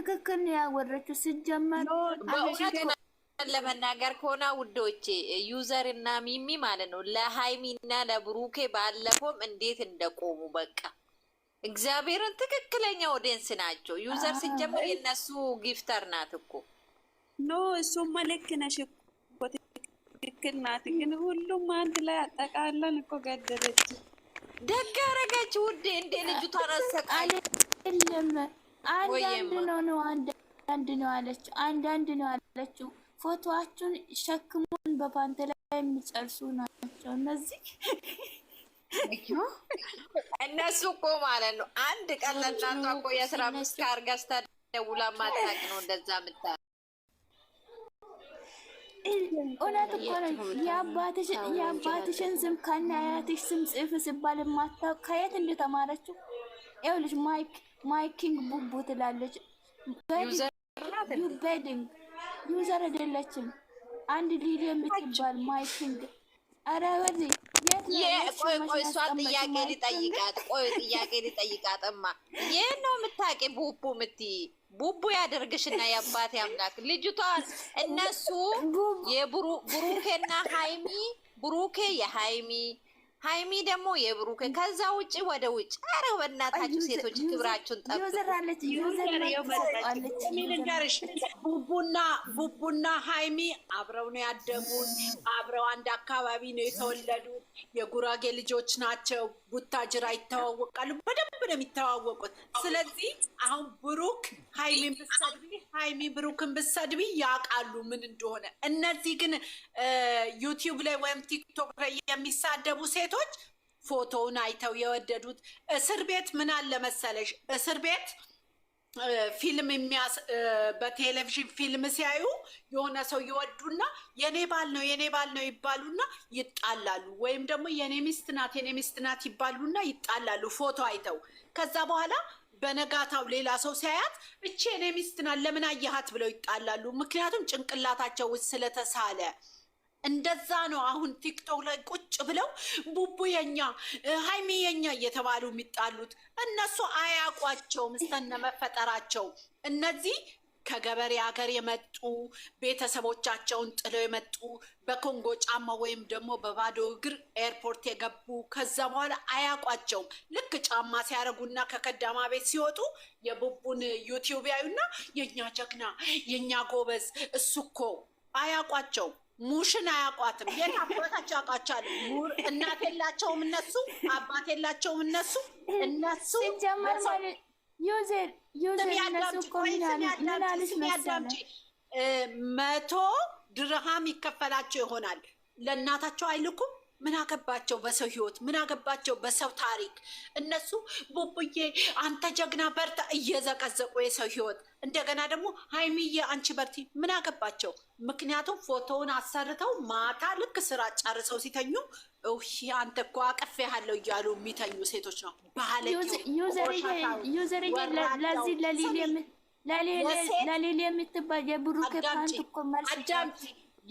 ትክክል ነው ያወረችው። ስጀመር ለመናገር ከሆነ ውዶቼ ዩዘር እና ሚሚ ማለት ነው ለሀይሚና ለብሩኬ ባለፈውም እንዴት እንደቆሙ በቃ እግዚአብሔርን ትክክለኛ ኦዲየንስ ናቸው። ዩዘር ሲጀምር የነሱ ጊፍተር ናት እኮ ኖ እሱማ ልክ ነሽ እኮ ትክክል ናት። ግን ሁሉም አንድ ላይ አጠቃለን እኮ ገደለች። ደግ አደረገች ውዴ። እንዴ ልጁ ታረሰቃለ የለም አንዳንድ ነው ነው አንዳንድ ነው አለችው። አንዳንድ ነው አለችው። ፎቶዋችሁን ሸክሙን በፓንት ላይ የሚጨርሱ ናቸው እነዚህ እነሱ እኮ ማለት ነው። አንድ ቀን ለእናቷ እኮ የአስራ ደውላ ነው እንደዛ ምታ እውነት እኮ ነው። የአባትሽን ስም ከነ አያትሽ ስም ጽፍ ስባል የማታውቅ ከየት እንደተማረችው ይኸውልሽ ማይክ ማይ ኪንግ ቡቡ ትላለች። ዩበድንግ ዩዘር አይደለችም። አንድ ሊሊ የምትባል ማይኪንግ ኧረ ወዚ ቆይ ቆይ፣ እሷ ጥያቄ ሊጠይቃት ቆይ ጥያቄ ሊጠይቃትማ ይህ ነው የምታውቂ ቡቡ ምት ቡቡ ያደርግሽና የአባቴ አምላክ ልጅቷ እነሱ የብሩኬና ሀይሚ ብሩኬ የሀይሚ ሀይሚ ደግሞ የብሩክ ከዛ ውጭ ወደ ውጭ። አረ በእናታችሁ ሴቶች ክብራችሁን ጠብቁልንገርሽ። ቡቡና ቡቡና ሀይሚ አብረው ነው ያደጉት። አብረው አንድ አካባቢ ነው የተወለዱት። የጉራጌ ልጆች ናቸው። ቡታጅራ ይተዋወቃሉ። በደንብ ነው የሚተዋወቁት። ስለዚህ አሁን ብሩክ ሀይሚ ምሰድ ሀይሚ ብሩክን ብሰድቢ ያውቃሉ ምን እንደሆነ። እነዚህ ግን ዩቲዩብ ላይ ወይም ቲክቶክ ላይ የሚሳደቡ ሴቶች ፎቶውን አይተው የወደዱት እስር ቤት ምን አለ መሰለሽ፣ እስር ቤት ፊልም የሚያስ በቴሌቪዥን ፊልም ሲያዩ የሆነ ሰው ይወዱና የኔ ባል ነው የኔ ባል ነው ይባሉና ይጣላሉ። ወይም ደግሞ የኔ ሚስት ናት የኔ ሚስት ናት ይባሉና ይጣላሉ ፎቶ አይተው ከዛ በኋላ በነጋታው ሌላ ሰው ሲያያት እቼ እኔ ሚስት ናት ለምን አየሃት ብለው ይጣላሉ። ምክንያቱም ጭንቅላታቸው ውስጥ ስለተሳለ እንደዛ ነው። አሁን ቲክቶክ ላይ ቁጭ ብለው ቡቡ የኛ ሀይሚ የኛ እየተባሉ የሚጣሉት እነሱ አያውቋቸውም እስተነ መፈጠራቸው እነዚህ ከገበሬ ሀገር የመጡ ቤተሰቦቻቸውን ጥለው የመጡ በኮንጎ ጫማ ወይም ደግሞ በባዶ እግር ኤርፖርት የገቡ ከዛ በኋላ አያውቋቸውም። ልክ ጫማ ሲያደርጉና ከከዳማ ቤት ሲወጡ የቡቡን ዩቲዩብ ያዩና የእኛ ጀግና የእኛ ጎበዝ እሱ እኮ አያውቋቸውም። ሙሽን አያውቋትም። የት አባታቸው ያውቋቸዋል? እናት የላቸውም እነሱ አባት የላቸውም እነሱ እነሱ ዩዘር ዩዘር እነሱ እኮ ምን አለሽ መሰለህ መቶ ድርሃም ይከፈላቸው ይሆናል ለእናታቸው አይልኩም ምን አገባቸው በሰው ህይወት? ምን አገባቸው በሰው ታሪክ? እነሱ ቡቡዬ አንተ ጀግና በርታ እየዘቀዘቁ የሰው ህይወት እንደገና ደግሞ ሀይሚዬ አንቺ በርቲ ምን አገባቸው? ምክንያቱም ፎቶውን አሰርተው ማታ ልክ ስራ ጨርሰው ሲተኙ አንተ እኮ አቀፍ ያለው እያሉ የሚተኙ ሴቶች ነው። ባለዩዘሬለዚህ ለሊል የምትባል የብሩክ ፓንት እኮ መልስ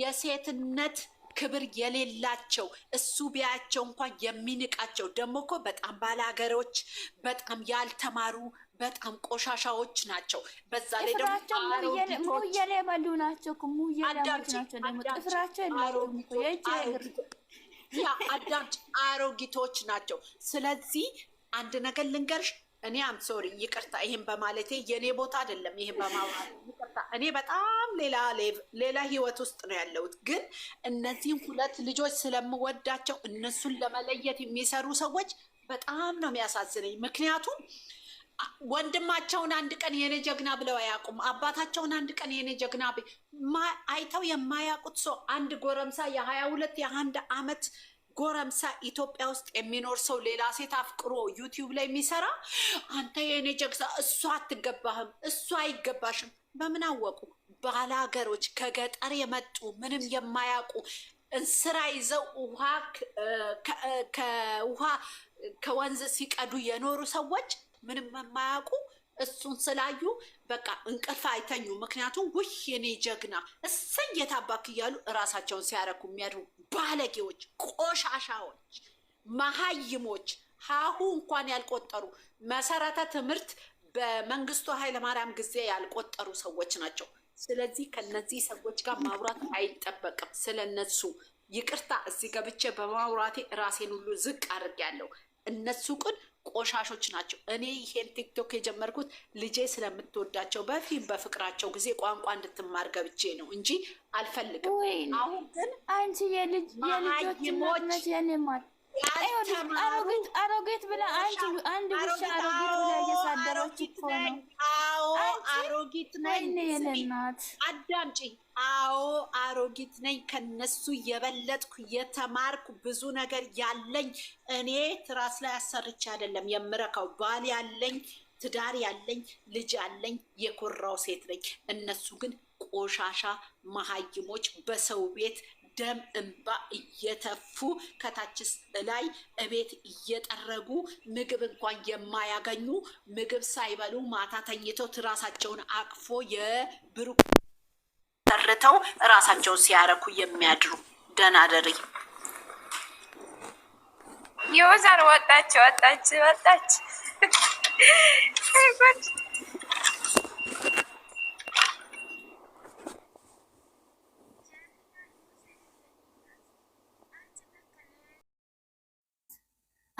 የሴትነት ክብር የሌላቸው እሱ ቢያቸው እንኳን የሚንቃቸው ደግሞ እኮ በጣም ባላገሮች፣ በጣም ያልተማሩ፣ በጣም ቆሻሻዎች ናቸው። በዛ ላይ ደግሞ ሙየል ናቸው። ሙየል አሮጊቶች ናቸው። ስለዚህ አንድ ነገር ልንገርሽ እኔ አም ሶሪ ይቅርታ፣ ይሄን በማለቴ የእኔ ቦታ አይደለም። ይህን በማውራት ይቅርታ፣ እኔ በጣም ሌላ ህይወት ውስጥ ነው ያለሁት። ግን እነዚህን ሁለት ልጆች ስለምወዳቸው እነሱን ለመለየት የሚሰሩ ሰዎች በጣም ነው የሚያሳዝነኝ። ምክንያቱም ወንድማቸውን አንድ ቀን የኔ ጀግና ብለው አያውቁም። አባታቸውን አንድ ቀን የኔ ጀግና አይተው የማያውቁት ሰው አንድ ጎረምሳ የሀያ ሁለት የአንድ አመት ጎረምሳ ኢትዮጵያ ውስጥ የሚኖር ሰው ሌላ ሴት አፍቅሮ ዩቲዩብ ላይ የሚሰራ አንተ የእኔ ጀግሳ እሷ አትገባህም፣ እሷ አይገባሽም። በምን አወቁ? ባላገሮች ከገጠር የመጡ ምንም የማያውቁ እንስራ ይዘው ውሃ ከውሃ ከወንዝ ሲቀዱ የኖሩ ሰዎች ምንም የማያውቁ እሱን ስላዩ በቃ እንቅልፍ አይተኙ። ምክንያቱም ውይ የኔ ጀግና እሰይ የታባክ እያሉ እራሳቸውን ሲያረኩ የሚያድሩ ባለጌዎች፣ ቆሻሻዎች፣ መሀይሞች ሀሁ እንኳን ያልቆጠሩ መሰረተ ትምህርት በመንግስቱ ኃይለማርያም ጊዜ ያልቆጠሩ ሰዎች ናቸው። ስለዚህ ከነዚህ ሰዎች ጋር ማውራት አይጠበቅም። ስለነሱ ይቅርታ እዚህ ገብቼ በማውራቴ ራሴን ሁሉ ዝቅ አድርጌያለሁ። እነሱ ግን ቆሻሾች ናቸው። እኔ ይሄን ቲክቶክ የጀመርኩት ልጄ ስለምትወዳቸው በፊት በፍቅራቸው ጊዜ ቋንቋ እንድትማር ገብቼ ነው እንጂ አልፈልግም። አሁን ግን አንቺ የልጅ የልጆች አሮጌት ብላ አንድ ውሻ አሮጌት ብላ እየሳደረች እኮ ነው። አሮጌት ነኝ አዎ አሮጊት ነኝ። ከነሱ የበለጥኩ የተማርኩ ብዙ ነገር ያለኝ እኔ ትራስ ላይ አሰርቼ አይደለም የምረካው። ባል ያለኝ፣ ትዳር ያለኝ፣ ልጅ ያለኝ የኮራው ሴት ነኝ። እነሱ ግን ቆሻሻ መሀይሞች በሰው ቤት ደም እንባ እየተፉ ከታችስ ላይ እቤት እየጠረጉ ምግብ እንኳን የማያገኙ ምግብ ሳይበሉ ማታ ተኝተው ትራሳቸውን አቅፎ የብሩ ተርተው ራሳቸውን ሲያረኩ የሚያድሩ ደናደሪ የወዛር ወጣች ወጣች ወጣች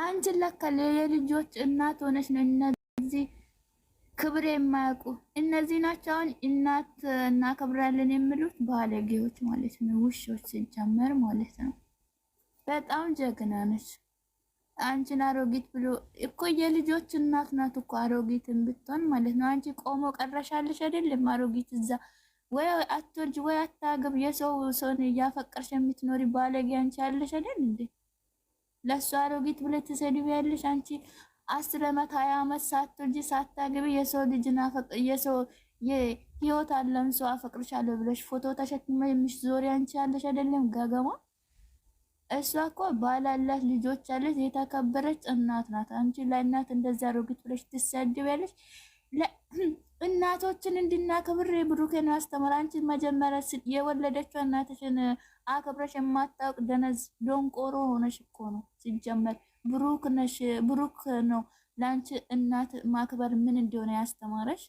አንቺ ለካ የልጆች እናት ሆነሽ ነው። እነዚህ ክብር የማያውቁ እነዚህ ናቸው አሁን እናት እናከብራለን የሚሉት ባለጌዎች ማለት ነው፣ ውሾች ሲጀመር ማለት ነው። በጣም ጀግና ነች። አንቺን አሮጊት ብሎ እኮ የልጆች እናት ናት እኮ አሮጊትን ብትሆን ማለት ነው። አንቺ ቆሞ ቀረሻለሽ አይደለም አሮጊት እዛ ወይ አትወልጅ ወይ አታገብ የሰው ሰውን እያፈቀርሽ የምትኖሪ ባለጌ አንቺ ያለሽ አይደል እንዴ? ለእሱ አሮጊት ብለሽ ትሰድቢያለሽ። አንቺ አስር ዓመት ሀያ ዓመት ሳትወልጂ ሳታገቢ የሰው ልጅና የሰው የህይወት አለም ሰው አፈቅርሻለሁ ብለሽ ፎቶ ተሸክመ የምሽ ዞሪ አንቺ ያለሽ አይደለም ጋገማ። እሷ እኮ ባላላት ልጆች አለች፣ የተከበረች እናት ናት። አንቺ ለእናት እንደዚያ አሮጊት ብለሽ ትሰድቢያለሽ። እናቶችን እንድናከብር ብሩኬን ያስተማር አንቺ መጀመሪያ የወለደችው እናትሽን አክብረሽ የማታውቅ ደነዝ ዶንቆሮ ሆነሽ እኮ ነው። ሲጀመር ብሩክ ነሽ፣ ብሩክ ነው ለአንቺ እናት ማክበር ምን እንደሆነ ያስተማረሽ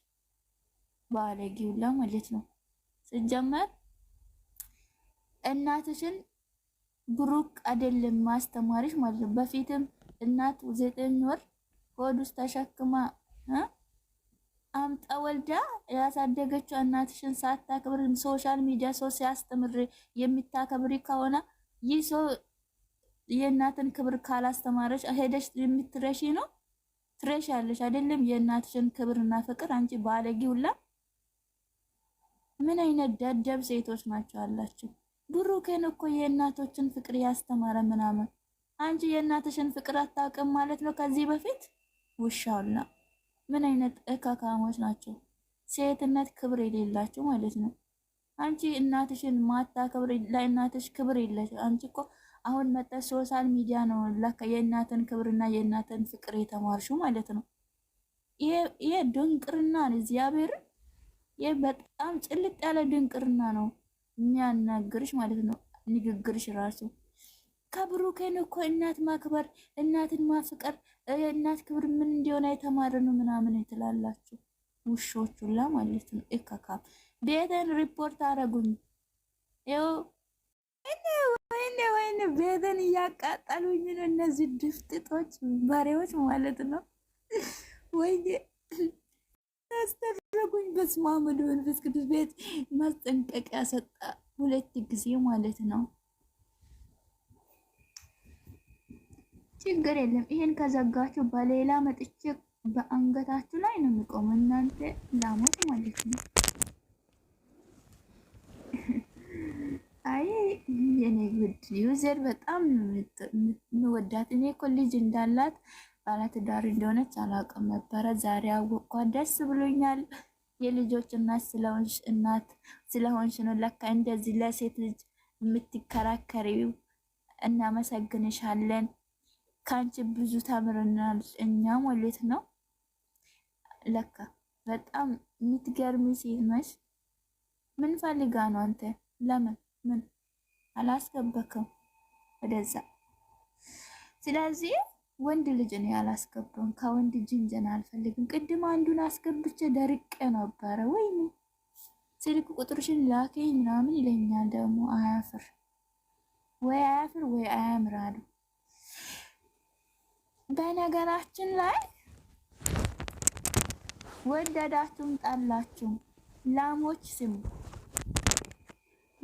ባለጌውላ ማለት ነው። ሲጀመር እናትሽን ብሩክ አይደለም ማስተማርሽ ማለት ነው። በፊትም እናት ዘጠኝ ወር ሆድ ውስጥ ተሸክማ አምጣ ወልዳ ያሳደገችው እናትሽን ሳታከብር ሶሻል ሚዲያ ሰው ሲያስተምር የሚታከብሪ ከሆነ ይህ ሰው የእናትን ክብር ካላስተማረች ሄደሽ የምትረሺ ነው ትረሽ ያለሽ አይደለም። የእናትሽን ክብር እና ፍቅር አንቺ ባለጌ ሁላ ምን አይነት ደደብ ሴቶች ናቸው አላችሁ። ብሩኬን እኮ የእናቶችን ፍቅር ያስተማረ ምናምን፣ አንቺ የእናትሽን ፍቅር አታውቅም ማለት ነው። ከዚህ በፊት ውሻውና ምን አይነት እካካሞች ናቸው? ሴትነት ክብር የሌላቸው ማለት ነው። አንቺ እናትሽን ማታ ክብር ለእናትሽ ክብር የለሽ። አንቺ እኮ አሁን መጠ ሶሻል ሚዲያ ነው ለካ የእናትን ክብርና የእናትን ፍቅር የተማርሽው ማለት ነው። ይሄ ድንቅርና እግዚአብሔርን ይህ በጣም ጭልጥ ያለ ድንቅርና ነው የሚያናግርሽ ማለት ነው። ንግግርሽ ራሱ ከብሩኬን እኮ እናት ማክበር እናትን ማፍቀር እናት ክብር ምን እንዲሆን የተማርን ምናምን ትላላችሁ ውሾች ሁላ ማለት ነው። እካካም ቤተን ሪፖርት አረጉኝ። ይኸው ወይኔ ወይኔ ቤተን እያቃጠሉኝ ነው እነዚህ ድፍጥጦች በሬዎች ማለት ነው። ወይኔ አስተረጉኝ። በስመ አብ ወወልድ ወመንፈስ ቅዱስ ቤት ማስጠንቀቂያ ሰጣ ሁለት ጊዜ ማለት ነው። ችግር የለም። ይሄን ከዘጋችሁ በሌላ መጥቼ በአንገታችሁ ላይ ነው የሚቆመው እናንተ ላሞች ማለት ነው። አይ የኔ ውድ ዩዘር በጣም የምወዳት እኔ እኮ ልጅ እንዳላት ባለትዳር እንደሆነች አላውቅም ነበረ። ዛሬ አወቅኳ፣ ደስ ብሎኛል። የልጆች እናት ስለሆንሽ እናት ስለሆንሽ ነው ለካ እንደዚህ ለሴት ልጅ የምትከራከሪው። እናመሰግንሻለን። ከአንቺ ብዙ ተምረናል እኛ ማለት ነው። ለካ በጣም የምትገርሚ ሴት ነሽ። ምን ፈልጋ ነው አንተ? ለምን ምን አላስገበክም ወደዛ? ስለዚህ ወንድ ልጅ ነው ያላስገባም። ከወንድ ጅንጀና አልፈልግም። ቅድም አንዱን አስገብቼ ደርቅ ነበረ። ወይም ስልክ ቁጥርሽን ላከኝ ምናምን ይለኛል ደግሞ። አያፍር ወይ አያፍር ወይ አያምራሉ በነገራችን ላይ ወደዳችሁም ጠላችሁ ላሞች ስሙ፣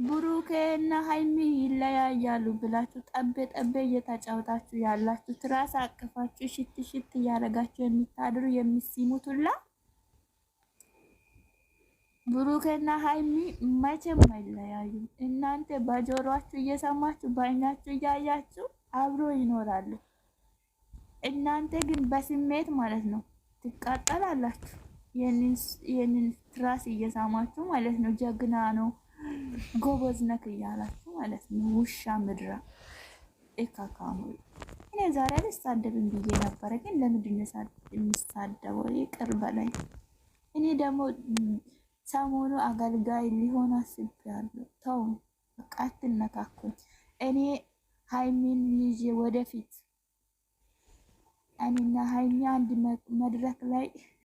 ብሩኬና ሀይሚ ይለያያሉ ብላችሁ ጠቤ ጠቤ እየተጫወታችሁ ያላችሁ ትራስ አቅፋችሁ ሽት ሽት እያደረጋችሁ የሚታድሩ የሚስሙት ሁላ ብሩኬና ሀይሚ መቼም አይለያዩም። እናንተ በጆሮአችሁ እየሰማችሁ በአይናችሁ እያያችሁ አብሮ ይኖራሉ። እናንተ ግን በስሜት ማለት ነው ትቃጠላላችሁ። ይህንን ትራስ እየሳማችሁ ማለት ነው ጀግና ነው ጎበዝ ነክ እያላችሁ ማለት ነው። ውሻ ምድራ እካካሙ እኔ ዛሬ አልሳደብም ብዬ ነበረ፣ ግን ለምንድን የሚሳደበው ይቅር በላይ። እኔ ደግሞ ሰሞኑ አገልጋይ ሊሆን አስቤያለሁ። ተው በቃ አትነካኩኝ። እኔ ሀይሚን ይዤ ወደፊት እኔና ሀይሚ አንድ መድረክ ላይ